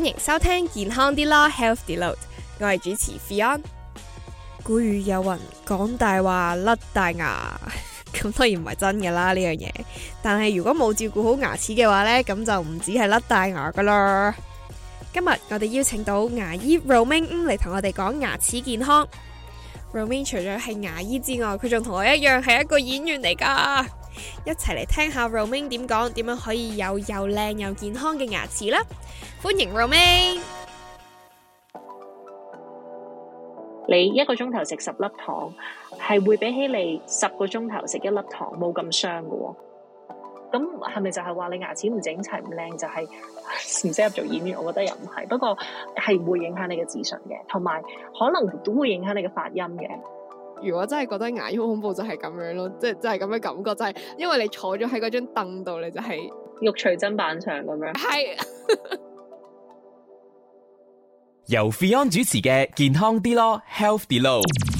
歡迎收聽健康啲啦，Healthy Load，我係主持 Fion。古語有云：講大話甩大牙，咁 當然唔係真噶啦呢樣嘢。但係如果冇照顧好牙齒嘅話呢，咁就唔止係甩大牙噶啦。今日我哋邀請到牙醫 Romaine 嚟同我哋講牙齒健康。Romaine 除咗係牙醫之外，佢仲同我一樣係一個演員嚟噶。一齊嚟聽下 Romaine 點講，點樣可以有又靚又健康嘅牙齒啦！歡迎 Romaine，你一個鐘頭食十粒糖，係會比起你十個鐘頭食一粒糖冇咁傷㗎。咁係咪就係話你牙齒唔整齊唔靚，就係唔適合做演員？我覺得又唔係，不過係會影響你嘅自信嘅，同埋可能都會影響你嘅發音嘅。如果真係覺得牙醫好恐怖，就係、是、咁樣咯，即係即係咁樣感覺，就係、是、因為你坐咗喺嗰張凳度，你就係、是、肉隨砧板上咁樣。係是 由 Fion 主持嘅健康啲咯，Healthy 啲囉。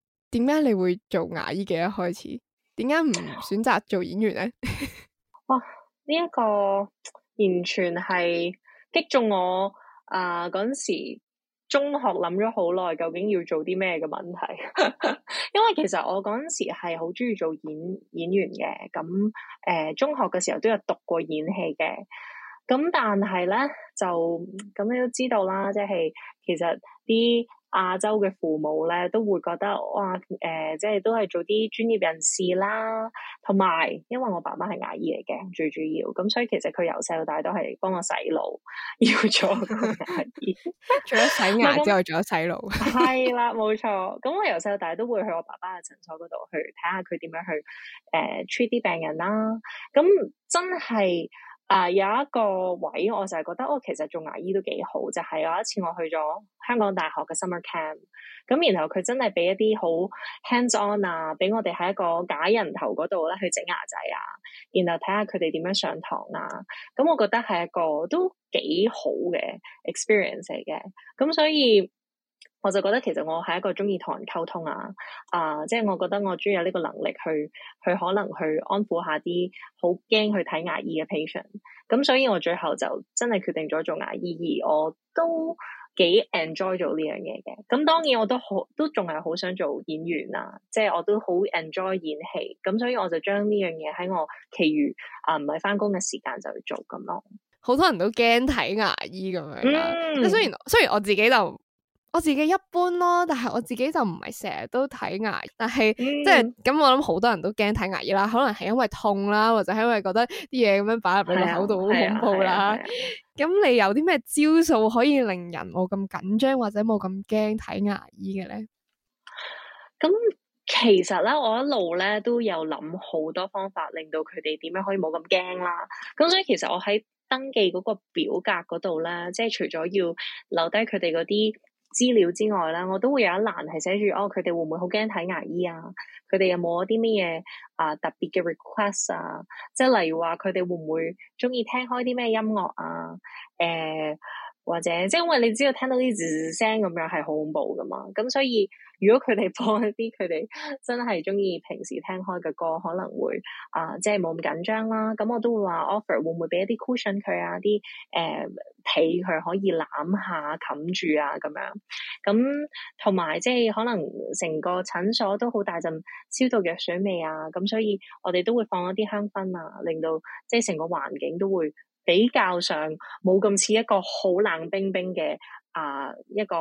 點解你會做牙醫嘅？一開始點解唔選擇做演員咧？ 哇！呢、這、一個完全係擊中我啊！嗰、呃、陣時中學諗咗好耐，究竟要做啲咩嘅問題？ 因為其實我嗰陣時係好中意做演演員嘅，咁誒、呃、中學嘅時候都有讀過演戲嘅。咁但係咧，就咁你都知道啦，即係其實啲亞洲嘅父母咧都會覺得哇，誒、呃，即係都係做啲專業人士啦，同埋因為我爸爸係牙醫嚟嘅，最主要，咁所以其實佢由細到大都係幫我洗腦，要做個牙醫，除咗 洗牙之後，仲有 那洗腦，係 啦，冇錯。咁我由細到大都會去我爸爸嘅診所嗰度去睇下佢點樣去誒 treat 啲病人啦。咁真係。啊，uh，有一個位，我就係覺得，我其實做牙醫都幾好，就係有一次我去咗香港大學嘅 summer camp，咁然後佢真係俾一啲好 hands on 啊，俾我哋喺一個假人頭嗰度咧去整牙仔啊，然後睇下佢哋點樣上堂啊，咁我覺得係一個都幾好嘅 experience 嚟嘅，咁所以。我就覺得其實我係一個中意同人溝通啊，啊、呃，即係我覺得我中意有呢個能力去去可能去安撫一下啲好驚去睇牙醫嘅 patient，咁所以我最後就真係決定咗做牙醫，而我都幾 enjoy 做呢樣嘢嘅。咁當然我都好都仲係好想做演員啊，即係我都好 enjoy 演戲，咁所以我就將呢樣嘢喺我其餘啊唔係返工嘅時間就去做咁咯。好多人都驚睇牙醫咁樣啦、啊，即係、嗯、雖然雖然我自己就。我自己一般咯，但係我自己就唔係成日都睇牙，但係、嗯、即係咁，我諗好多人都驚睇牙醫啦，可能係因為痛啦，或者係因為覺得啲嘢咁樣擺入你個口度好恐怖啦。咁、嗯嗯嗯嗯嗯、你有啲咩招數可以令人冇咁緊張或者冇咁驚睇牙醫嘅咧？咁、嗯、其實咧，我一路咧都有諗好多方法，令到佢哋點樣可以冇咁驚啦。咁所以其實我喺登記嗰個表格嗰度咧，即係除咗要留低佢哋嗰啲。資料之外咧，我都會有一欄係寫住哦，佢哋會唔會好驚睇牙醫啊？佢哋有冇一啲乜嘢啊特別嘅 request 啊？即係例如話佢哋會唔會中意聽開啲咩音樂啊？誒、呃。或者即係因為你知道聽到啲吱吱聲咁樣係好恐怖噶嘛，咁所以如果佢哋放一啲佢哋真係中意平時聽開嘅歌，可能會啊、呃、即係冇咁緊張啦。咁我都會話 offer 會唔會俾一啲 cushion 佢啊，啲誒被佢可以攬下冚住啊咁樣。咁同埋即係可能成個診所都好大陣消毒藥水味啊，咁所以我哋都會放一啲香薰啊，令到即係成個環境都會。比較上冇咁似一個好冷冰冰嘅啊、呃、一個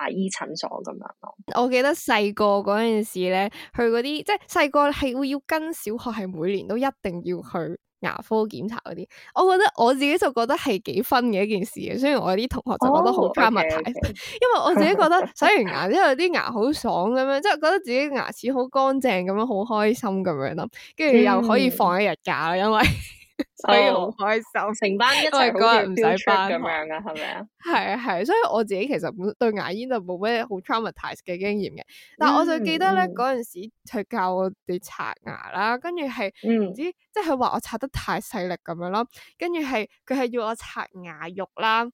牙醫診所咁樣咯。我記得細個嗰陣時咧，去嗰啲即係細個係會要跟小學係每年都一定要去牙科檢查嗰啲。我覺得我自己就覺得係幾分嘅一件事嘅，雖然我有啲同學就覺得好加物態，oh, okay, okay. 因為我自己覺得洗完牙之後，之因有啲牙好爽咁樣，即係 覺得自己牙齒好乾淨咁樣，好開心咁樣咯，跟住又可以放一日假啦，因為。 所以好開心，成、哦、班一齊唔使出咁樣啊，係咪啊？係啊係，所以我自己其實對牙醫就冇咩好 traumatize 嘅經驗嘅，但係我就記得咧，嗰陣時佢教我哋刷牙啦，跟住係唔知即係佢話我刷得太細力咁樣咯，跟住係佢係要我刷牙肉啦，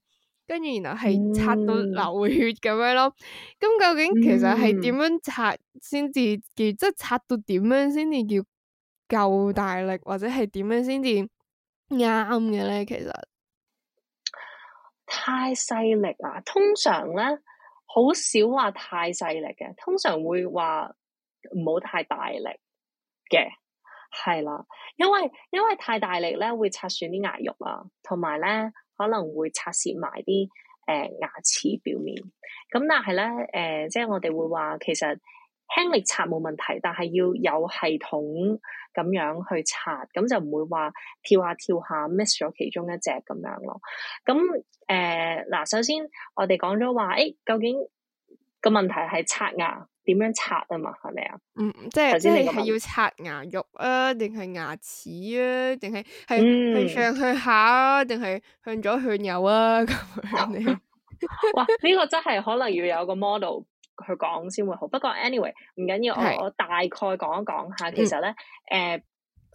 跟住然後係刷到流血咁樣咯，咁、嗯、究竟其實係點樣刷先至叫、嗯、即係刷到點樣先至叫？夠大力或者係點樣先至啱嘅咧？其實太細力啊，通常咧好少話太細力嘅，通常會話唔好太大力嘅，係啦，因為因為太大力咧會擦損啲牙肉啊，同埋咧可能會擦蝕埋啲誒牙齒表面。咁但係咧誒，即係我哋會話其實。輕力刷冇問題，但係要有系統咁樣去刷，咁就唔會話跳下跳下 miss 咗其中一隻咁樣咯。咁誒，嗱、呃，首先我哋講咗話，誒、欸，究竟個問題係刷牙點樣刷啊？嘛，係咪啊？嗯，即係即係你係要刷牙肉啊，定係牙齒啊，定係係係向上去下定、啊、係向左向右啊？咁樣、嗯、 哇，呢、這個真係可能要有個 model。 去講先會好，不過 anyway 唔緊要是，我我大概講一講下，其實咧誒、嗯呃，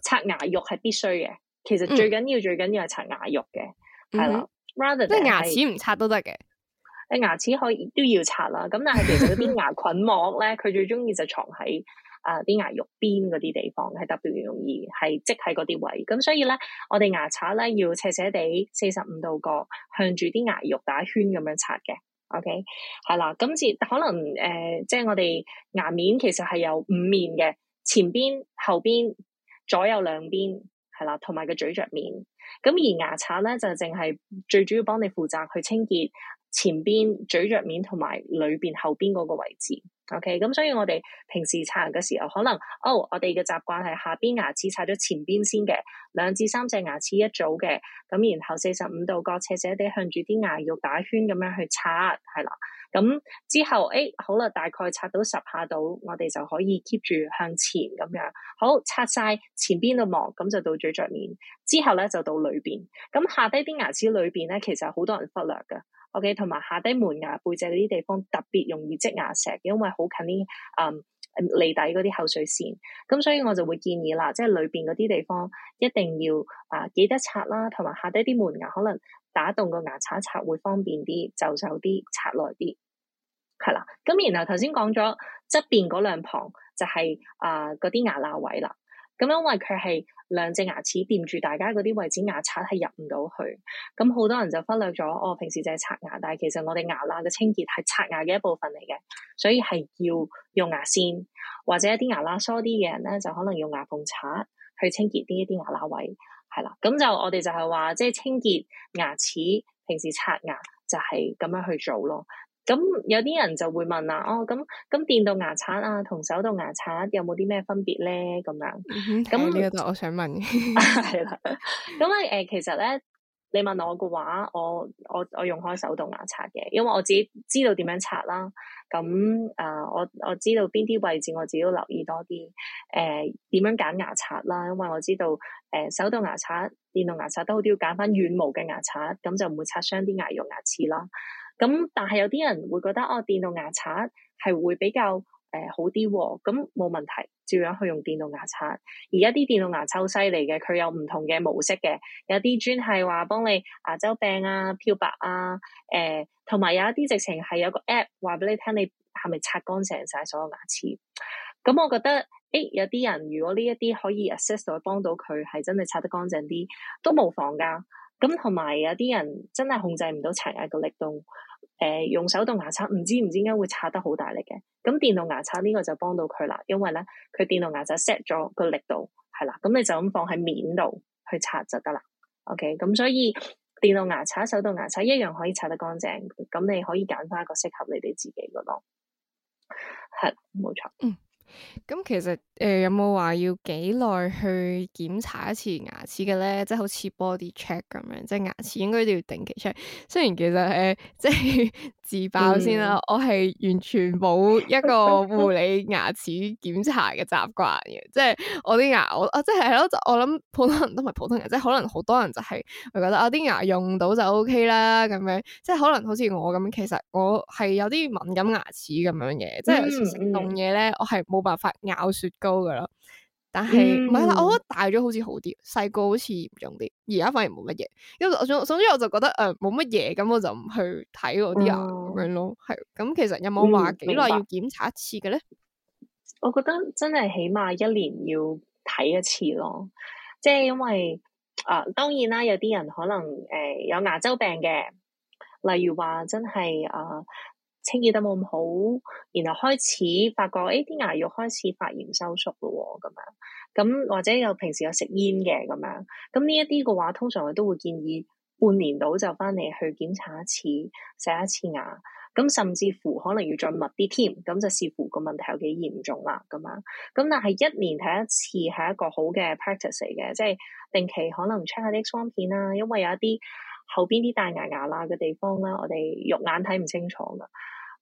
刷牙肉係必須嘅，其實最緊要最緊要係刷牙肉嘅，係啦，rather 即係牙齒唔刷都得嘅，你牙齒可以都要刷啦，咁但係其實啲牙菌膜咧，佢 最中意就藏喺啊啲牙肉邊嗰啲地方，係特別容易係積喺嗰啲位，咁所以咧，我哋牙刷咧要斜斜地四十五度角向住啲牙肉打圈咁樣刷嘅。OK，係啦，今次可能誒、呃，即係我哋牙面其實係有五面嘅，前邊、後邊、左右兩邊，係啦，同埋個咀嚼面。咁而牙刷咧就淨係最主要幫你負責去清潔前邊、咀嚼面同埋裏邊後邊嗰個位置。O.K.，咁所以我哋平時刷牙嘅時候，可能，哦，我哋嘅習慣係下邊牙齒刷咗前邊先嘅，兩至三隻牙齒一組嘅，咁然後四十五度角斜斜地向住啲牙肉打圈咁樣去刷，係啦，咁之後，哎，好啦，大概刷到十下度，我哋就可以 keep 住向前咁樣，好，刷晒前邊嘅膜，咁就到咀嚼面，之後咧就到裏邊，咁下低啲牙齒裏邊咧，其實好多人忽略嘅。O.K.，同埋下低門牙背脊嗰啲地方特別容易積牙石，因為好近啲誒脷底嗰啲口水線。咁所以我就會建議啦，即係裏邊嗰啲地方一定要啊、呃、記得刷啦，同埋下低啲門牙可能打洞個牙刷刷會方便啲，就手啲刷耐啲。係啦，咁然後頭先講咗側邊嗰兩旁就係啊嗰啲牙罅位啦。咁因為佢係兩隻牙齒掂住，大家嗰啲位置牙刷係入唔到去。咁好多人就忽略咗哦。平時就係刷牙，但係其實我哋牙罅嘅清潔係刷牙嘅一部分嚟嘅，所以係要用牙線或者一啲牙罅疏啲嘅人咧，就可能用牙縫刷去清潔啲一啲牙罅位係啦。咁就我哋就係話即係清潔牙齒，平時刷牙就係咁樣去做咯。咁有啲人就會問啦、啊，哦，咁咁電動牙刷啊，同手動牙刷有冇啲咩分別咧？咁樣咁、嗯、哼那我想問嘅係啦。咁 啊， 誒、呃，其實咧，你問我嘅話，我我我用開手動牙刷嘅，因為我自己知道點樣刷啦。咁啊，我、呃、我知道邊啲位置我自己都留意多啲。誒、呃，點樣揀牙刷啦？因為我知道，誒、呃，手動牙刷、電動牙刷都好啲，都要揀翻軟毛嘅牙刷，咁就唔會擦傷啲牙肉、牙齒啦。咁但係有啲人會覺得哦，電動牙刷係會比較誒、呃、好啲喎、哦，咁、嗯、冇問題，照樣去用電動牙刷。而家啲電動牙刷犀利嘅，佢有唔同嘅模式嘅，有啲專係話幫你牙周病啊、漂白啊，誒同埋有一啲直情係有個 app 話俾你聽，你係咪擦乾淨晒所有牙齒？咁、嗯、我覺得，誒有啲人如果呢一啲可以 assist 幫到幫到佢，係真係擦得乾淨啲都冇妨㗎。咁同埋有啲人真係控制唔到刷牙嘅力度。誒，用手動牙刷唔知唔知點解會刷得好大力嘅，咁電動牙刷呢個就幫到佢啦，因為咧佢電動牙刷 set 咗個力度，係啦，咁你就咁放喺面度去刷就得啦。OK，咁所以電動牙刷、手動牙刷一樣可以刷得乾淨，咁你可以揀翻一個適合你哋自己嘅咯。係，冇錯。嗯咁其實誒、呃、有冇話要幾耐去檢查一次牙齒嘅咧？即係好似 body check 咁樣，即係牙齒應該都要定期 check。雖然其實誒、呃，即係自爆先啦，嗯、我係完全冇一個護理牙齒檢查嘅習慣嘅。 即係我啲牙，我即係咯，就我諗普通人都唔係普通人，即係可能好多人就係會覺得我啲、啊、牙用到就 O、OK、K 啦咁樣。即係可能好似我咁，其實我係有啲敏感牙齒咁樣嘅。即係、嗯、有時食凍嘢咧，我係冇。冇辦法咬雪糕噶啦，但係唔係啦，我覺得大咗好似好啲，細個好似嚴重啲，而家反而冇乜嘢。因為我總總之我就覺得誒冇乜嘢，咁、呃、我就唔去睇嗰啲牙咁樣咯。係、嗯、咁，其實有冇話幾耐要檢查一次嘅咧？嗯、我覺得真係起碼一年要睇一次咯，即、就、係、是、因為啊、呃，當然啦，有啲人可能誒、呃、有牙周病嘅，例如話真係啊。呃清潔得冇咁好，然後開始發覺，誒，啲牙肉開始發炎收縮咯，咁樣，咁或者有平時有食煙嘅，咁樣，咁呢一啲嘅話，通常我都會建議半年到就翻嚟去檢查一次，洗一次牙，咁甚至乎可能要再密啲添，咁就視乎個問題有幾嚴重啦，咁樣，咁但係一年睇一次係一個好嘅 practice 嚟嘅，即係定期可能 check 下啲 X 光片啦，因為有一啲。後邊啲大牙牙罅嘅地方咧，我哋肉眼睇唔清楚噶。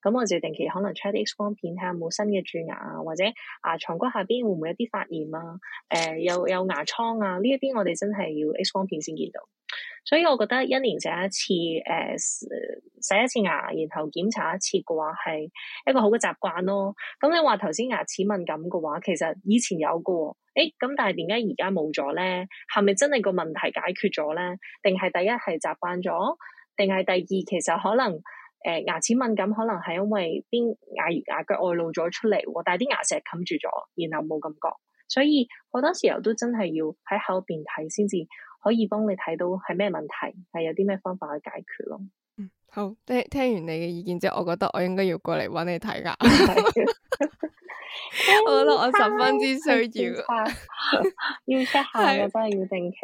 咁我就定期可能 check 啲 X 光片，睇下冇新嘅蛀牙啊，或者牙床骨下邊會唔會有啲發炎、呃、啊？誒，有有牙瘡啊？呢一邊我哋真係要 X 光片先見到。所以我覺得一年洗一次，誒、呃，洗一次牙，然後檢查一次嘅話，係一個好嘅習慣咯。咁你話頭先牙齒敏感嘅話，其實以前有嘅。誒，咁但係點解而家冇咗咧？係咪真係個問題解決咗咧？定係第一係習慣咗？定係第二其實可能？誒、呃，牙齒敏感可能係因為啲牙牙腳外露咗出嚟，但係啲牙石冚住咗，然後冇感覺，所以好多時候都真係要喺後邊睇，先至可以幫你睇到係咩問題，係有啲咩方法去解決咯、嗯。好，聽聽完你嘅意見之後，我覺得我應該要過嚟揾你睇牙，我覺得我十分之需要， 要 check 下，我真係要定期。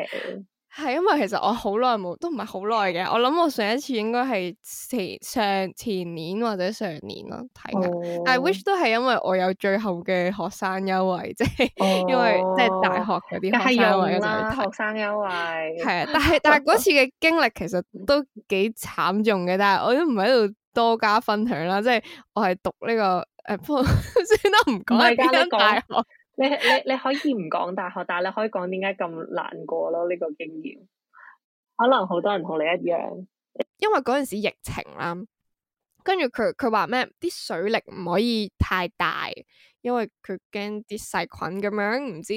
係因為其實我好耐冇，都唔係好耐嘅。我諗我上一次應該係前上前年或者上年咯睇嘅。看看 oh. 但係 which 都係因為我有最後嘅學生優惠，即係、oh. 因為即係大學嗰啲學生優惠學生優惠係啊， 但係但係嗰次嘅經歷其實都幾慘重嘅。但係我都唔喺度多加分享啦。即係我係讀呢、這個誒，先都唔講係香港大學。你你你可以唔講大學，但係你可以講點解咁難過咯？呢個經驗，可能好多人同你一樣。因為嗰陣時疫情啦，跟住佢佢話咩？啲水力唔可以太大，因為佢驚啲細菌咁樣，唔知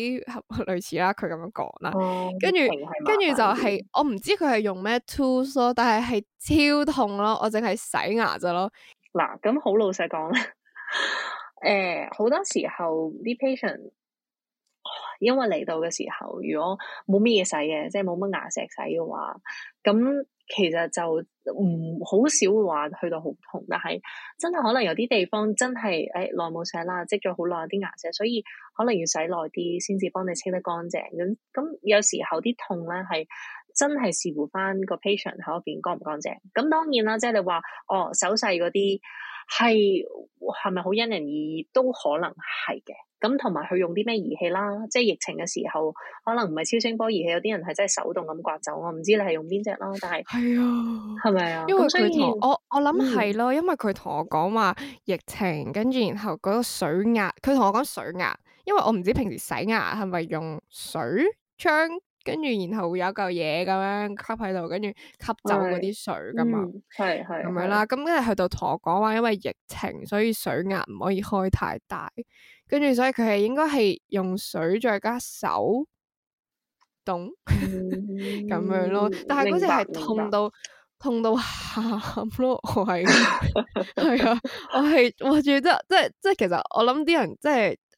類似啦。佢咁樣講啦，嗯、跟住著跟住就係我唔知佢係用咩 tools 咯，但係係超痛咯。我淨係洗牙咋咯。嗱，咁好老實講咧。 誒、好、呃、多時候啲 patient 因為嚟到嘅時候，如果冇乜嘢洗嘅，即係冇乜牙石洗嘅話，咁其實就唔好少會話去到好痛。但係真係可能有啲地方真係誒、耐、欸、冇洗啦，積咗好耐啲牙石，所以可能要洗耐啲先至幫你清得乾淨。咁咁有時候啲痛咧係真係視乎翻個 patient 口入邊乾唔乾淨。咁當然啦，即係你話哦，手細嗰啲。係係咪好因人而異？都可能係嘅。咁同埋佢用啲咩儀器啦？即係疫情嘅時候，可能唔係超聲波儀器，有啲人係真係手動咁刮走。我唔知你係用邊隻啦。但係，係啊，係咪啊？因為佢同我、嗯、我諗係咯，因為佢同我講話疫情，跟住然後嗰個水壓，佢同我講水壓，因為我唔知平時洗牙係咪用水槍。跟住，然後會有一嚿嘢咁樣吸喺度，跟住吸走嗰啲水㗎嘛，係係咁樣啦。咁跟住去到同我講話，因為疫情，所以水壓唔可以開太大。跟住，所以佢係應該係用水再加手動咁 樣咯。但係嗰次係痛到痛到喊咯，我係係啊，我係我住得，即係即係，其實我諗啲人即係。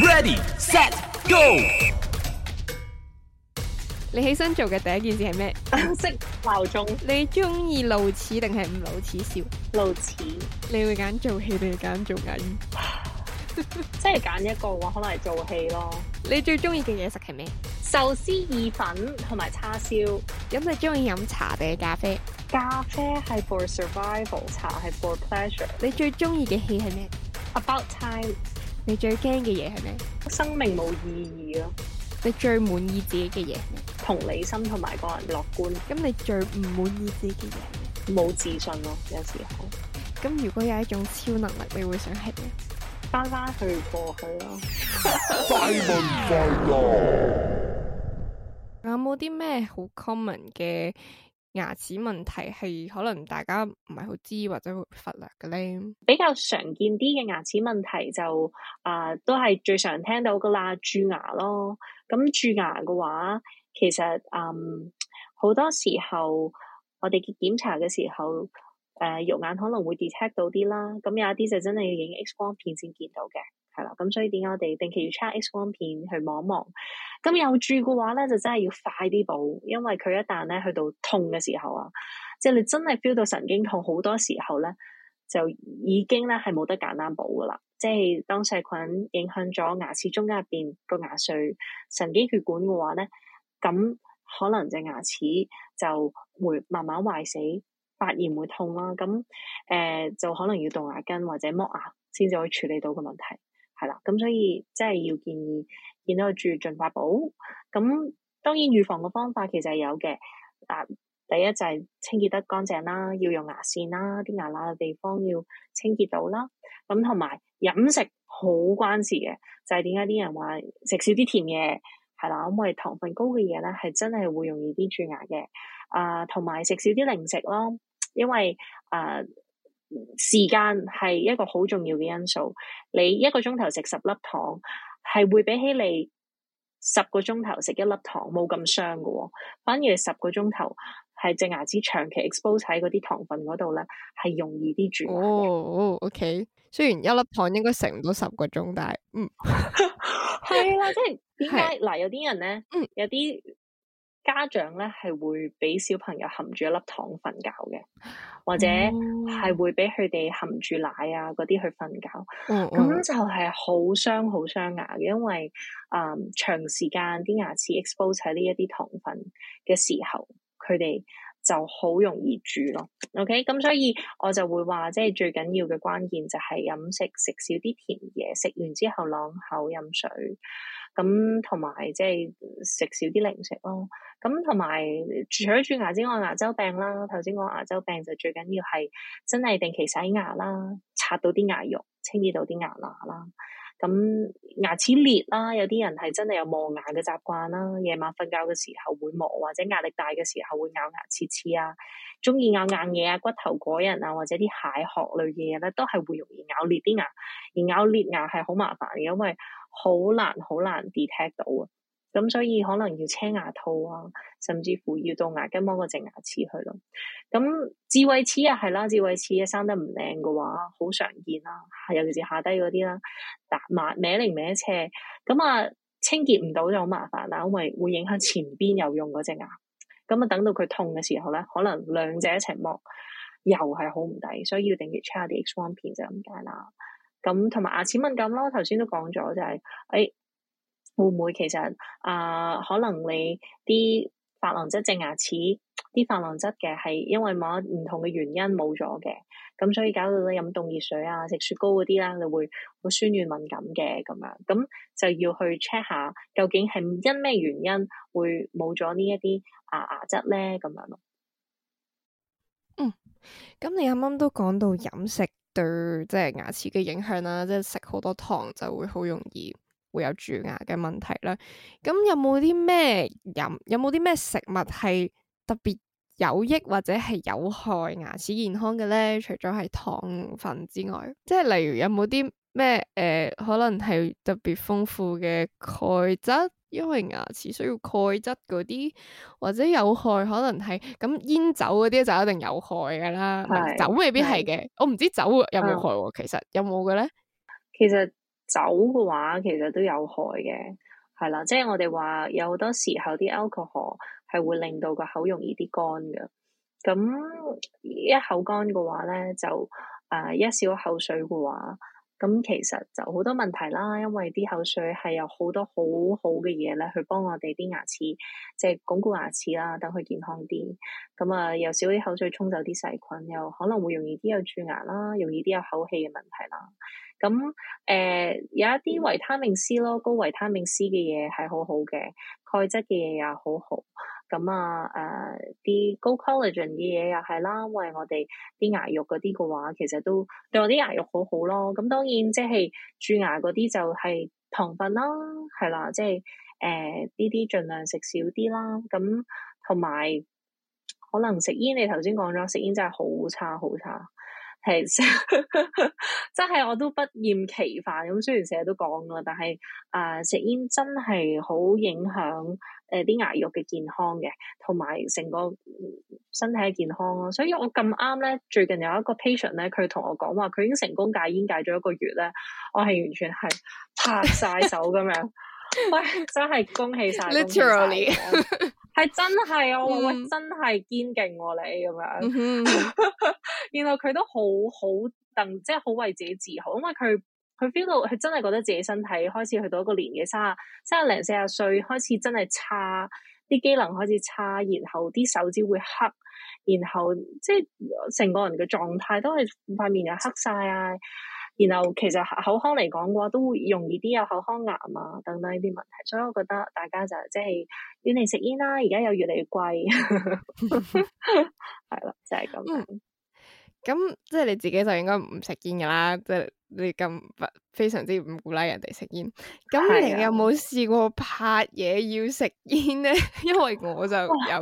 Ready, set, go！你起身做嘅第一件事係咩？熄鬧鐘。你中意露齒定係唔露齒笑？露齒恥。你會揀做戲定係揀做緊？ 即係揀一個嘅話，可能係做戲咯。你最中意嘅嘢食係咩？壽司、意粉同埋叉燒。咁、嗯、你中意飲茶定係咖啡？咖啡係 for survival，茶係 for pleasure。你最中意嘅戲係咩？About time。你最驚嘅嘢係咩？生命冇意義咯。你最滿意自己嘅嘢？同理心同埋個人樂觀。咁你最唔滿意自己嘅嘢，冇自信咯，有時候。咁如果有一種超能力，你會想係咩？翻翻去過去咯。快問快答。有冇啲咩好 common 嘅？牙齒問題係可能大家唔係好知或者忽略嘅咧，比較常見啲嘅牙齒問題就啊、呃、都係最常聽到噶啦，蛀牙咯。咁、嗯、蛀牙嘅話，其實嗯好多時候我哋嘅檢查嘅時候，誒、呃、肉眼可能會 detect 到啲啦，咁、嗯、有一啲就真係要影 X 光片，先見到嘅。係啦，咁所以點解我哋定期要 check X, X 光片，去望一望。咁有蛀嘅話咧，就真係要快啲補，因為佢一旦咧，去到痛嘅時候啊，即係你真係 feel 到神經痛，好多時候咧就已經咧，係冇得簡單補噶啦。即係當細菌影響咗牙齒中間入邊個牙髓、神經血管嘅話咧，咁可能隻牙齒就會慢慢壞死，發炎會痛啦、啊。咁誒、呃，就可能要動牙根或者剝牙，先至可以處理到個問題。係啦，咁所以真係要建議，見到蛀牙盡快補。咁當然預防嘅方法其實係有嘅。啊、呃，第一就係清潔得乾淨啦，要用牙線啦，啲牙乸嘅地方要清潔到啦。咁同埋飲食好關事嘅，就係點解啲人話食少啲甜嘢係啦，因為糖分高嘅嘢咧係真係會容易啲蛀牙嘅。啊、呃，同埋食少啲零食咯，因為啊。呃時間係一個好重要嘅因素，你一個鐘頭食十粒糖，係會比起你十個鐘頭食一粒糖冇咁傷㗎。反而你十個鐘頭係隻牙齒長期 expose 喺嗰啲糖分嗰度咧，係容易啲蛀牙。哦，OK，雖然一粒糖應該食唔到十個鐘，但係，嗯，係 啦，即係點解？嗱，有啲人咧，嗯，有啲。家長咧，係會俾小朋友含住一粒糖瞓覺嘅，或者係會俾佢哋含住奶啊嗰啲去瞓覺。咁、嗯嗯、就係好傷好傷牙嘅。因為啊、呃，長時間啲牙齒 expose 喺呢一啲糖分嘅時候，佢哋就好容易蛀咯。OK，咁所以我就會話，即係最緊要嘅關鍵就係飲食，食少啲甜嘢，食完之後啷口飲水。咁同埋即係食少啲零食咯，咁同埋除咗蛀牙之外，牙周病啦，頭先講牙周病就最緊要係真係定期洗牙啦，刷到啲牙肉，清理到啲牙罅啦。咁牙齒裂啦，有啲人係真係有磨牙嘅習慣啦，夜晚瞓覺嘅時候會磨，或者壓力大嘅時候會咬牙切齒啊，中意咬硬嘢啊，骨頭、果仁啊，或者啲蟹殼類嘅嘢咧，都係會容易咬裂啲牙。而咬裂牙係好麻煩嘅，因為好難好難 detect 到啊，咁所以可能要車牙套啊，甚至乎要到牙根摸個隻牙齒去咯。咁智慧齒啊係啦，智慧齒啊生得唔靚嘅話，好常見啦，啊，尤其是下低嗰啲啦，打歪，歪歪零歪斜，咁啊清潔唔到就好麻煩啦，啊，因為會影響前邊有用嗰隻牙。咁啊等到佢痛嘅時候咧，可能兩隻一齊摸，又係好唔抵，所以要定住 check 下啲 X 光片就咁解啦。咁同埋牙齒敏感咯，頭先都講咗就係誒，會唔會其實啊，可能你啲琺瑯質隻牙齒啲琺瑯質嘅係因為某唔同嘅原因冇咗嘅，咁所以搞到你飲凍熱水啊，食雪糕嗰啲啦，你會會酸軟敏感嘅咁樣。咁就要去 check 下究竟係因咩原因會冇咗呢一啲牙牙質咧咁樣咯。嗯，咁你啱啱都講到飲食。對即係牙齒嘅影響啦，即係食好多糖就會好容易會有蛀牙嘅問題啦。咁有冇啲咩飲，有冇啲咩食物係特別有益或者係有害牙齒健康嘅呢？除咗係糖分之外，即係例如有冇啲咩誒，可能係特別豐富嘅鈣質？因為牙齒需要鈣質嗰啲，或者有害可能係咁煙酒嗰啲就一定有害噶啦，的酒未必係嘅，的我唔知酒有冇害。嗯、其實有冇嘅咧？其實酒嘅話其實都有害嘅，係啦，即係我哋話有好多時候啲 alcohol 係會令到個口容易啲乾嘅，咁一口乾嘅話咧就誒、呃、一小口口水嘅話。咁其實就好多問題啦，因為啲口水係有好多好好嘅嘢咧，去幫我哋啲牙齒即係鞏固牙齒啦，等佢健康啲。咁啊，又少啲口水沖走啲細菌，又可能會容易啲有蛀牙啦，容易啲有口氣嘅問題啦。咁誒、呃、有一啲維他命 C 咯，高維他命 C 嘅嘢係好好嘅，鈣質嘅嘢又好好。咁啊，誒、呃、啲高 collagen 啲嘢又係啦，喂，我哋啲牙肉嗰啲嘅話，其實都對我啲牙肉好好咯。咁當然即係蛀牙嗰啲就係糖分啦，係啦，即係誒呢啲盡量食少啲啦。咁同埋可能食煙，你頭先講咗，食煙真係好差好差。係， 真係我都不厭其煩。咁雖然成日都講啦，但係啊、呃，食煙真係好影響誒啲牙肉嘅健康嘅，同埋成個身體嘅健康咯。所以我咁啱咧，最近有一個 patient 咧，佢同我講話佢已經成功戒煙戒咗一個月咧，我係完全係拍晒手咁樣， 真係恭喜晒！ 係真係、啊，我話、嗯、喂，真係堅勁喎你咁樣，嗯嗯 然後佢都好好鄧，即係好為自己自豪，因為佢佢 feel 到佢真係覺得自己身體開始去到一個年紀，卅卅零四十歲，開始真係差啲機能開始差，然後啲手指會黑，然後即係成個人嘅狀態都係塊面又黑晒。然後其實口腔嚟講嘅話，都會容易啲有口腔癌啊等等呢啲問題，所以我覺得大家就即係遠離食煙啦。而家又越嚟越貴，係啦，就係、是、咁。咁、啊 就是嗯、即係你自己就應該唔食煙噶啦，即係你咁非常之唔鼓勵人哋食煙。咁你有冇試過拍嘢要食煙咧？ 因為我就有哇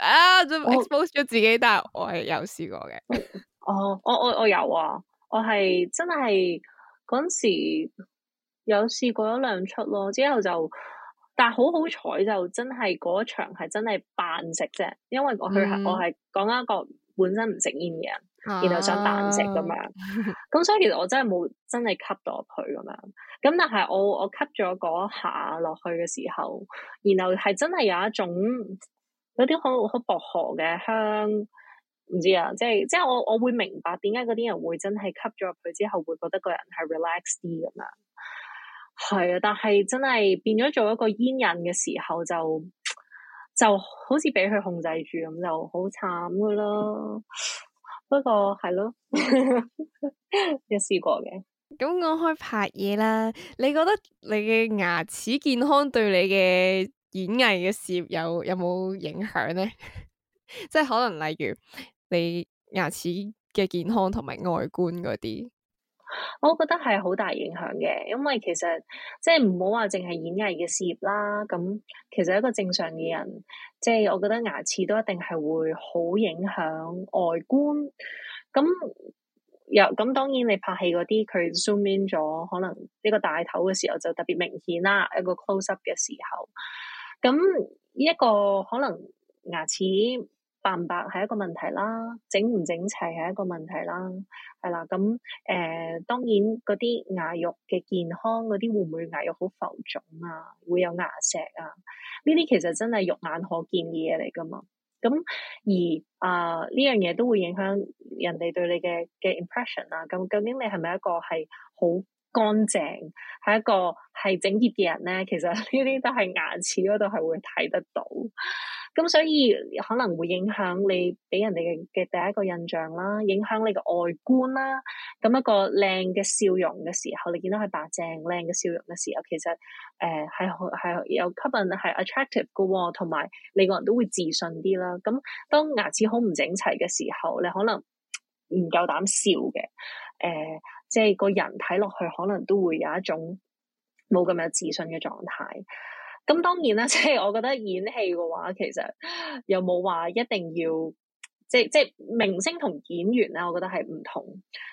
啊，expose 咗自己，我但係我係有試過嘅。 哦，我我我，我有啊。我係真係嗰陣時有試過一兩出咯，之後就但係好好彩就真係嗰場係真係扮食啫，因為去我佢係我係講緊一個本身唔食煙嘅人，啊、然後想扮食咁樣，咁 所以其實我真係冇真係吸到佢入去咁樣，咁但係我我吸咗嗰一下落去嘅時候，然後係真係有一種有啲好好薄荷嘅香。唔知啊，即係即係我我會明白點解嗰啲人會真係吸咗入去之後會覺得個人係 relax 啲咁樣，係啊，但係真係變咗做一個煙癮嘅時候就就好似俾佢控制住咁就好慘噶咯。不過係咯， 有試過嘅。咁我開拍嘢啦，你覺得你嘅牙齒健康對你嘅演藝嘅事業有有冇影響咧？ 即係可能例如。你牙齒嘅健康同埋外觀嗰啲，我覺得係好大影響嘅，因為其實即係唔好話淨係演藝嘅事業啦。咁其實一個正常嘅人，即係我覺得牙齒都一定係會好影響外觀。咁又咁當然，你拍戲嗰啲佢 zoom in 咗，可能呢個大頭嘅時候就特別明顯啦。一個 close up 嘅時候，咁呢一個可能牙齒。白唔白係一個問題啦，整唔整齊係一個問題啦，係啦，咁誒、呃，當然嗰啲牙肉嘅健康，嗰啲會唔會牙肉好浮腫啊？會有牙石啊？呢啲其實真係肉眼可見嘅嘢嚟噶嘛？咁而啊，呢、呃、樣嘢都會影響人哋對你嘅嘅 impression 啊。咁究竟你係咪一個係好乾淨，係一個係整潔嘅人咧？其實呢啲都係牙齒嗰度係會睇得到。咁所以可能會影響你俾人哋嘅嘅第一個印象啦，影響你嘅外觀啦。咁一個靚嘅笑容嘅時候，你見到佢白淨靚嘅笑容嘅時候，其實誒係係有吸引係 attractive 嘅喎、哦，同埋你個人都會自信啲啦。咁當牙齒好唔整齊嘅時候，你可能唔夠膽笑嘅。誒、呃，即、就、係、是、個人睇落去，可能都會有一種冇咁有自信嘅狀態。咁當然啦，即係我覺得演戲嘅話，其實又冇話一定要，即係即係明星同演員咧，我覺得係唔同。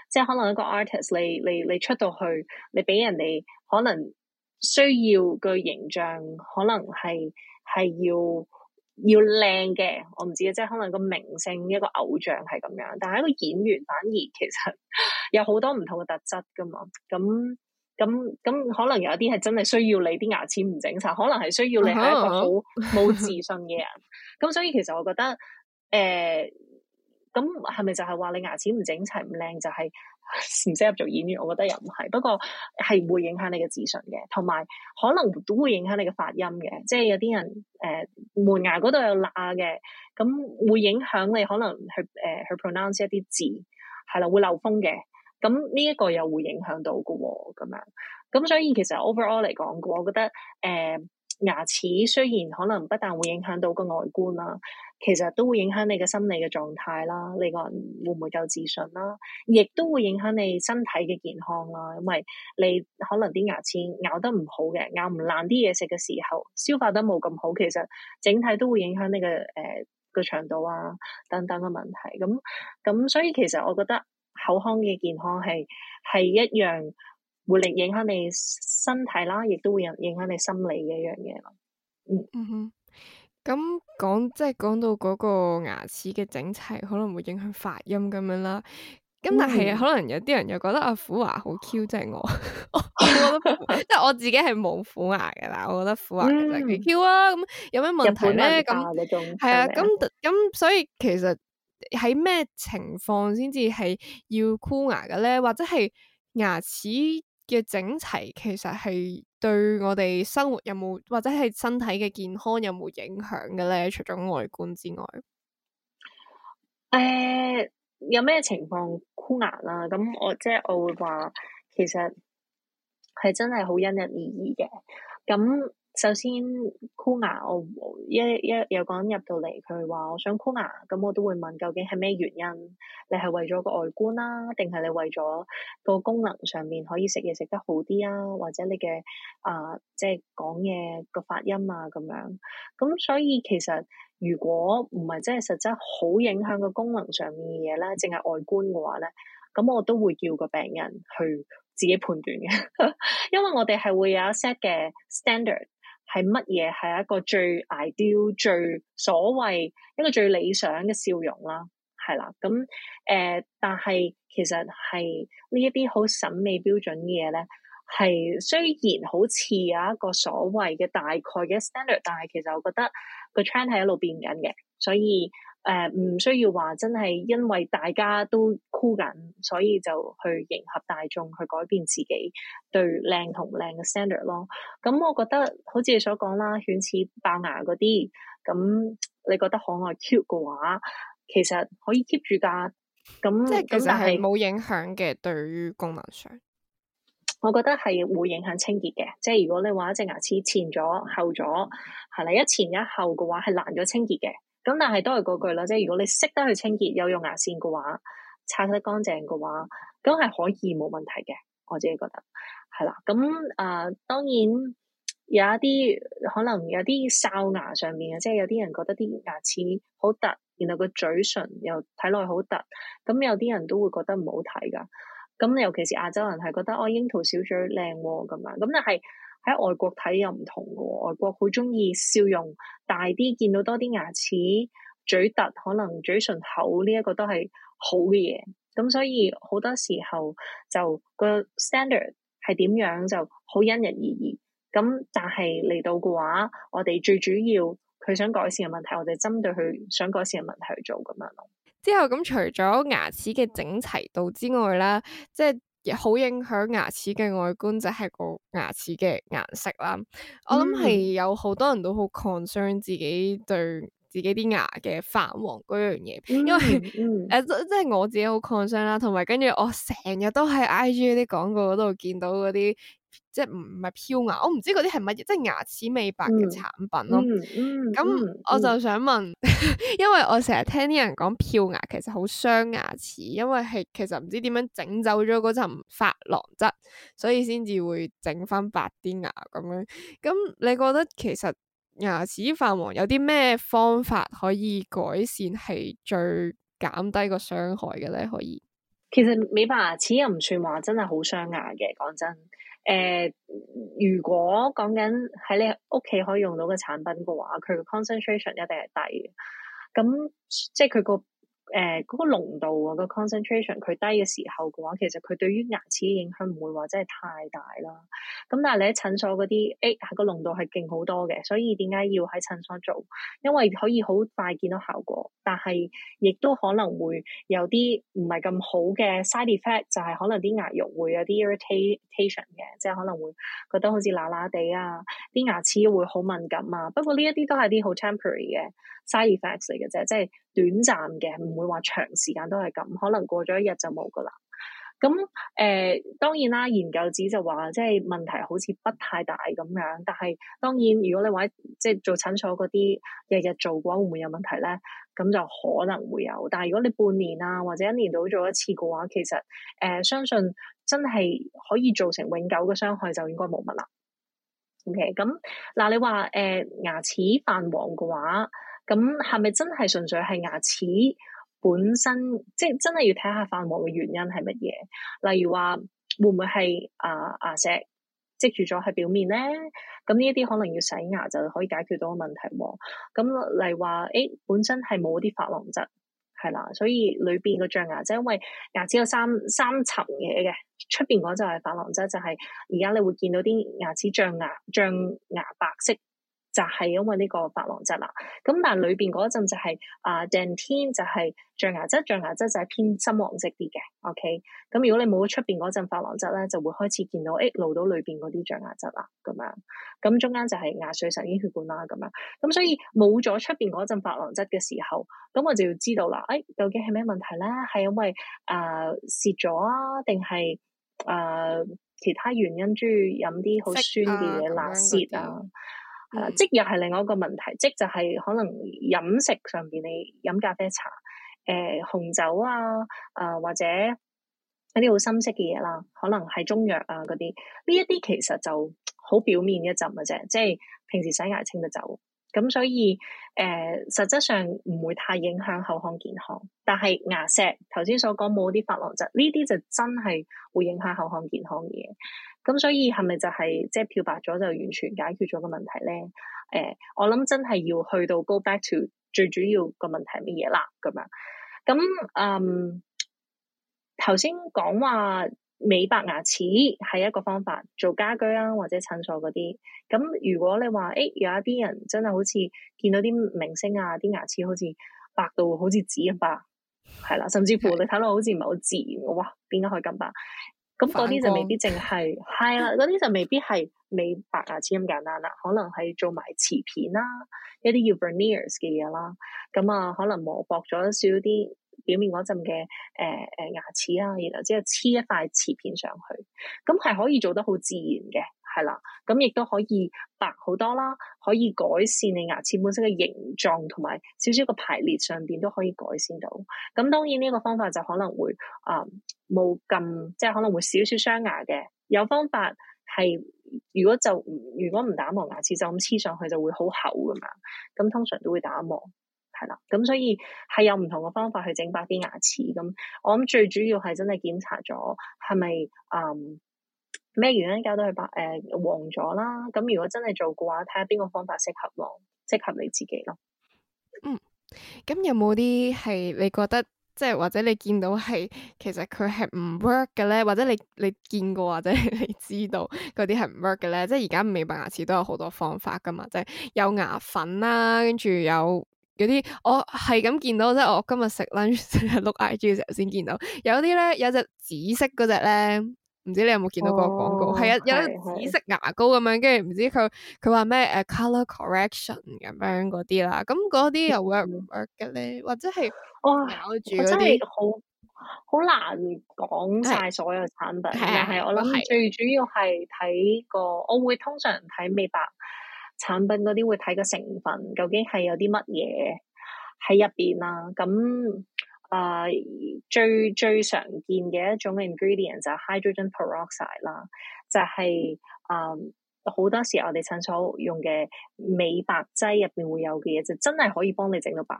即係可能一個 artist，你你你出到去，你俾人哋可能需要個形象，可能係係要要靚嘅，我唔知，即係可能個明星一個偶像係咁樣，但係一個演員反而其實有好多唔同嘅特質噶嘛。咁。咁咁可能有啲係真係需要你啲牙齒唔整齊，可能係需要你係一個好冇自信嘅人。咁、啊啊、 所以其實我覺得，誒咁係咪就係話你牙齒唔整齊唔靚就係唔適合做演員？我覺得又唔係，不過係會影響你嘅自信嘅，同埋可能都會影響你嘅發音嘅。即係有啲人誒、呃、門牙嗰度有罅嘅，咁會影響你可能去誒、呃、去 pronounce 一啲字，係啦會漏風嘅。咁呢一個又會影響到嘅，啊，咁樣咁所以其實 overall 嚟講，我覺得誒、呃、牙齒雖然可能不但會影響到個外觀啦，其實都會影響你嘅心理嘅狀態啦，你個人會唔會夠自信啦，亦都會影響你身體嘅健康啦，因為你可能啲牙齒咬得唔好嘅，咬唔爛啲嘢食嘅時候，消化得冇咁好，其實整體都會影響你嘅誒個腸道啊等等嘅問題。咁咁所以其實我覺得。口腔嘅健康係係一樣會力影響你身體啦，亦都會影影響你心理嘅一樣嘢咯。嗯嗯哼，咁講即係講到嗰個牙齒嘅整齊，可能會影響發音咁樣啦。咁、嗯嗯嗯、但係可能有啲人又覺得阿虎牙好 Q 即係我，即係我自己係冇虎牙噶啦。我覺得虎牙其實幾 Q 啊。咁、嗯、有咩問題咧？咁你仲係啊。咁咁所以其實。喺咩情況先至係要箍牙嘅咧？或者係牙齒嘅整齊，其實係對我哋生活有冇，或者係身體嘅健康有冇影響嘅咧？除咗外觀之外，誒、呃，有咩情況箍牙啦？咁我即係我會話，其實係真係好因人而異嘅。咁。首先箍牙，una, 我一一,一有個人入到嚟，佢話我想箍牙，咁我都會問究竟係咩原因？你係為咗個外觀啦，定係你為咗個功能上面可以食嘢食得好啲啊？或者你嘅啊、呃，即係講嘢個發音啊咁樣。咁所以其實如果唔係真係實質好影響個功能上面嘅嘢咧，淨係外觀嘅話咧，咁我都會叫個病人去自己判斷嘅， 因為我哋係會有一 set 嘅 standard。係乜嘢係一個最 ideal 最所謂一個最理想嘅笑容啦，係啦，咁誒、呃，但係其實係呢一啲好審美標準嘅嘢咧，係雖然好似有一個所謂嘅大概嘅 standard，但係其實我覺得個 trend 係一路變緊嘅，所以。誒唔、呃、需要話真係因為大家都箍緊，所以就去迎合大眾去改變自己對靚同靚嘅 standard 咯。咁、嗯、我覺得好似你所講啦，犬齒爆牙嗰啲，咁、嗯、你覺得可愛 cute 嘅話，其實可以 keep 住㗎。咁、嗯、即係其實係冇影響嘅，對於功能上，我覺得係會影響清潔嘅。即係如果你話一隻牙齒前咗後咗，係啦，一前一後嘅話係難咗清潔嘅。咁但係都係嗰句啦，即係如果你識得去清潔，有用牙線嘅話，刷得乾淨嘅話，咁係可以冇問題嘅。我自己覺得係啦。咁啊、呃，當然有一啲可能有啲哨牙上面，嘅，即係有啲人覺得啲牙齒好突，然後個嘴唇又睇落去好突，咁有啲人都會覺得唔好睇噶。咁尤其是亞洲人係覺得哦，哎、櫻桃小嘴靚咁啊，咁但係。喺外國睇又唔同嘅，外國好中意笑容大啲，見到多啲牙齒，嘴凸可能嘴唇厚呢一個都係好嘅嘢。咁所以好多時候就、個 standard 係點樣，就好因人而異。咁但係嚟到嘅話，我哋最主要佢想改善嘅問題，我哋針對佢想改善嘅問題去做咁樣咯。之後咁除咗牙齒嘅整齊度之外啦，即係。好影響牙齒嘅外觀，就係、是、個牙齒嘅顏色啦。我諗係有好多人都好 concern 自己對自己啲牙嘅泛黃嗰樣嘢，因為誒、嗯嗯 呃，即係我自己好 concern 啦。同埋，跟住我成日都喺 IG 啲廣告嗰度見到嗰啲。即係唔係漂牙？我唔知嗰啲係乜嘢，即係牙齒美白嘅產品咯。咁我就想問，因為我成日聽啲人講漂牙其實好傷牙齒，因為係其實唔知點樣整走咗嗰層珐琅質，所以先至會整翻白啲牙咁樣。咁、嗯、你覺得其實牙齒泛黃有啲咩方法可以改善，係最減低個傷害嘅咧？可以，其實美白牙齒又唔算話真係好傷牙嘅，講真。誒、呃，如果講緊喺你屋企可以用到嘅產品嘅話，佢嘅 concentration 一定係低嘅，咁即係佢個。誒嗰、呃，嗰個濃度啊，個 concentration 佢低嘅時候嘅話，其實佢對於牙齒嘅影響唔會話真係太大啦。咁但係你喺診所嗰啲誒個濃度係勁好多嘅，所以點解要喺診所做？因為可以好快見到效果，但係亦都可能會有啲唔係咁好嘅 side effect，就係可能啲牙肉會有啲 irritation 嘅，即係可能會覺得好似辣辣地啊，啲牙齒會好敏感啊。不過呢一啲都係啲好 temporary 嘅。side effects 嚟嘅啫，即係短暫嘅，唔會話長時間都係咁。可能過咗一日就冇噶啦。咁誒、呃、當然啦，研究者就話即係問題好似不太大咁樣。但係當然，如果你話即係做診所嗰啲日日做嘅話，會唔會有問題咧？咁就可能會有。但係如果你半年啊或者一年到做一次嘅話，其實誒、呃、相信真係可以造成永久嘅傷害就應該冇乜啦。OK，咁嗱、呃、你話誒、呃、牙齒泛黃嘅話。咁係咪真係純粹係牙齒本身？即係真係要睇下發黃嘅原因係乜嘢？例如話會唔會係啊牙石積住咗喺表面咧？咁呢一啲可能要洗牙就可以解決到個問題喎。咁例如話誒，本身係冇啲琺瑯質係啦，所以裏邊個象牙質，因為牙齒有三三層嘢嘅，出邊嗰層係琺瑯質，就係而家你會見到啲牙齒象牙象牙白色。就係因為呢個珐琅質啦，咁但係裏邊嗰陣就係、是、啊、uh,，Dentin 就係象牙質，象牙質就係偏深黃色啲嘅。OK，咁如果你冇咗出邊嗰陣珐琅質咧，就會開始見到誒、哎、露到裏邊嗰啲象牙質啦，咁樣。咁中間就係牙髓神經血管啦，咁樣。咁所以冇咗出邊嗰陣珐琅質嘅時候，咁我就要知道啦，誒、哎，究竟係咩問題咧？係因為啊蝕咗啊，定係啊其他原因？中意飲啲好酸嘅嘢，爛蝕啊？係啦，嗯、即又係另外一個問題，即就係可能飲食上邊你飲咖啡茶、誒、呃、紅酒啊、啊、呃、或者一啲好深色嘅嘢啦，可能係中藥啊嗰啲，呢一啲其實就好表面一陣嘅啫，即係平時洗牙清得走，咁所以誒、呃、實質上唔會太影響口腔健康。但係牙石頭先所講冇啲發黃質，呢啲就真係會影響口腔健康嘅嘢。咁所以係咪就係即係漂白咗就完全解決咗個問題咧？誒、欸，我諗真係要去到 go back to 最主要個問題係乜嘢啦咁樣。咁誒頭先講話美白牙齒係一個方法，做家居啦、啊、或者診所嗰啲。咁如果你話誒、欸、有一啲人真係好似見到啲明星啊，啲牙齒好似白到好似紙咁白，係啦，甚至乎你睇落好似唔係好自然嘅哇，點解可以咁白？咁嗰啲就未必淨係係啦，嗰啲光、啊、就未必係美白牙齒咁簡單啦，可能係做埋瓷片啦、啊，一啲 veneers 嘅嘢啦、啊，咁啊可能磨薄咗少少啲表面嗰陣嘅誒誒牙齒啦、啊，然後之後黐一塊瓷片上去，咁係可以做得好自然嘅。係啦，咁亦都可以白好多啦，可以改善你牙齒本身嘅形狀，同埋少少個排列上邊都可以改善到。咁當然呢個方法就可能會啊冇咁，即係可能會少少傷牙嘅。有方法係如果就如果唔打磨牙齒就咁黐上去就會好厚㗎嘛。咁通常都會打磨，係、嗯、啦。咁所以係有唔同嘅方法去整白啲牙齒。咁我諗最主要係真係檢查咗係咪嗯。呃咩原因搞到佢白，誒、呃、黃咗啦？咁如果真係做嘅話，睇下邊個方法適合咯，適合你自己咯。嗯，咁有冇啲係你覺得即係、就是、或者你見到係其實佢係唔 work 嘅咧？或者你你見過或者你知道嗰啲係唔 work 嘅咧？即係而家美白牙齒都有好多方法噶嘛，即、就、係、是、有牙粉啦、啊，跟住有嗰啲我係咁見到，即、就、係、是、我今日食 lunch 碌 IG 嘅時候先 見到，有啲咧有隻紫色嗰隻咧。唔知你有冇見到個廣告？係啊、哦，有啲紫色牙膏咁樣，跟住唔知佢佢話咩誒 colour correction 咁樣嗰啲啦。咁嗰啲又 work 唔 work 嘅咧、嗯？或者係哇，些我真係好好難講晒所有產品。係啊係，我諗係最主要係睇個，啊、我會通常睇美白產品嗰啲會睇個成分，究竟係有啲乜嘢喺入邊啊？咁啊，uh, 最最常見嘅一種嘅 ingredient 就係 hydrogen peroxide 啦、就是，就係啊，好多時我哋診所用嘅美白劑入邊會有嘅嘢，就真係可以幫你整到白。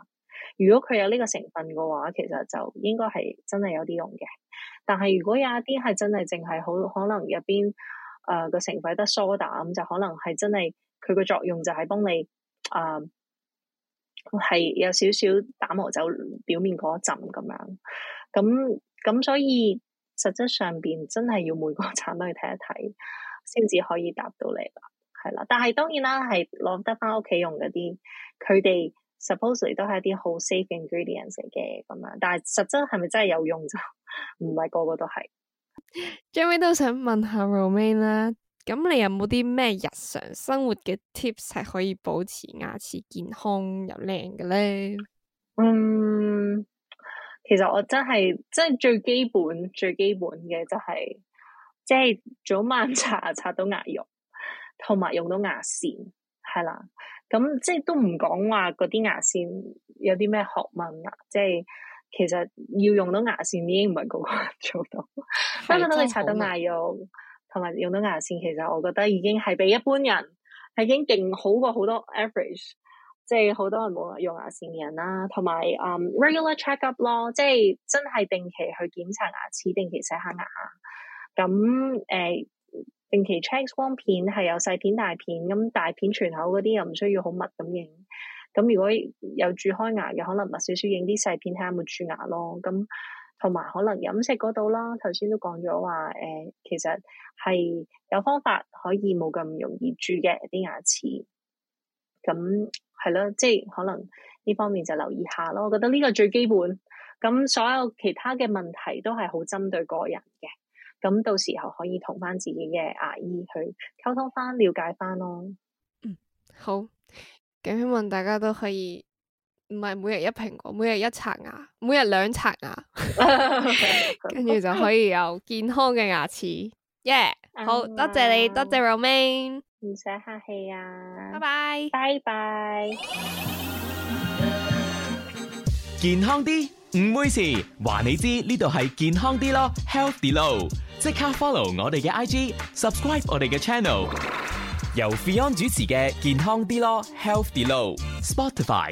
如果佢有呢個成分嘅話，其實就應該係真係有啲用嘅。但係如果有一啲係真係淨係好可能入邊誒個成分得梳打咁，就可能係真係佢嘅作用就係幫你啊。Uh, 係有少少打磨走表面嗰一層咁樣，咁咁所以實質上邊真係要每個產品去睇一睇，先至可以答到你啦，係啦。但係當然啦，係攞得翻屋企用嗰啲，佢哋 supposedly 都係一啲好 safe ingredients 嘅咁樣，但係實質係咪真係有用就唔係個個都係。最後都想問問下 Romaine 啦。咁你有冇啲咩日常生活嘅 tips 係可以保持牙齒健康又靚嘅咧？嗯，其實我真係即係最基本最基本嘅就係即係早晚刷刷到牙肉，同埋用到牙線，係啦。咁即係都唔講話嗰啲牙線有啲咩學問啦。即係其實要用到牙線已經唔係個個做到，是 但係當你刷到牙肉。同埋用到牙線，其實我覺得已經係比一般人係已經勁好過好多 average，即係好多人冇用牙線嘅人啦、啊。同埋嗯 regular check up 咯，即係真係定期去檢查牙齒，定期洗下牙。咁誒、呃、定期 check X 光片係有細片大片，咁大片全口嗰啲又唔需要好密咁影。咁如果有蛀開牙嘅，可能密少少影啲細片睇下有冇蛀牙咯。咁。同埋可能飲食嗰度啦，頭先都講咗話，誒、呃、其實係有方法可以冇咁容易蛀嘅啲牙齒。咁係咯，即係可能呢方面就留意下咯。我覺得呢個最基本。咁所有其他嘅問題都係好針對個人嘅。咁到時候可以同返自己嘅牙醫去溝通返、了解返咯。嗯，好。咁希望大家都可以。唔係每日一蘋果，每日一刷牙，每日兩刷牙，跟住就可以有健康嘅牙齒。耶，好多謝你，多謝 Romaine，唔使客氣啊。拜拜，拜拜。健康啲唔會事，話你知呢度係健康啲咯。Health below，即刻 follow 我哋嘅 IG，subscribe 我哋嘅 channel。由 Fion 主持嘅健康啲咯，Health below，Spotify。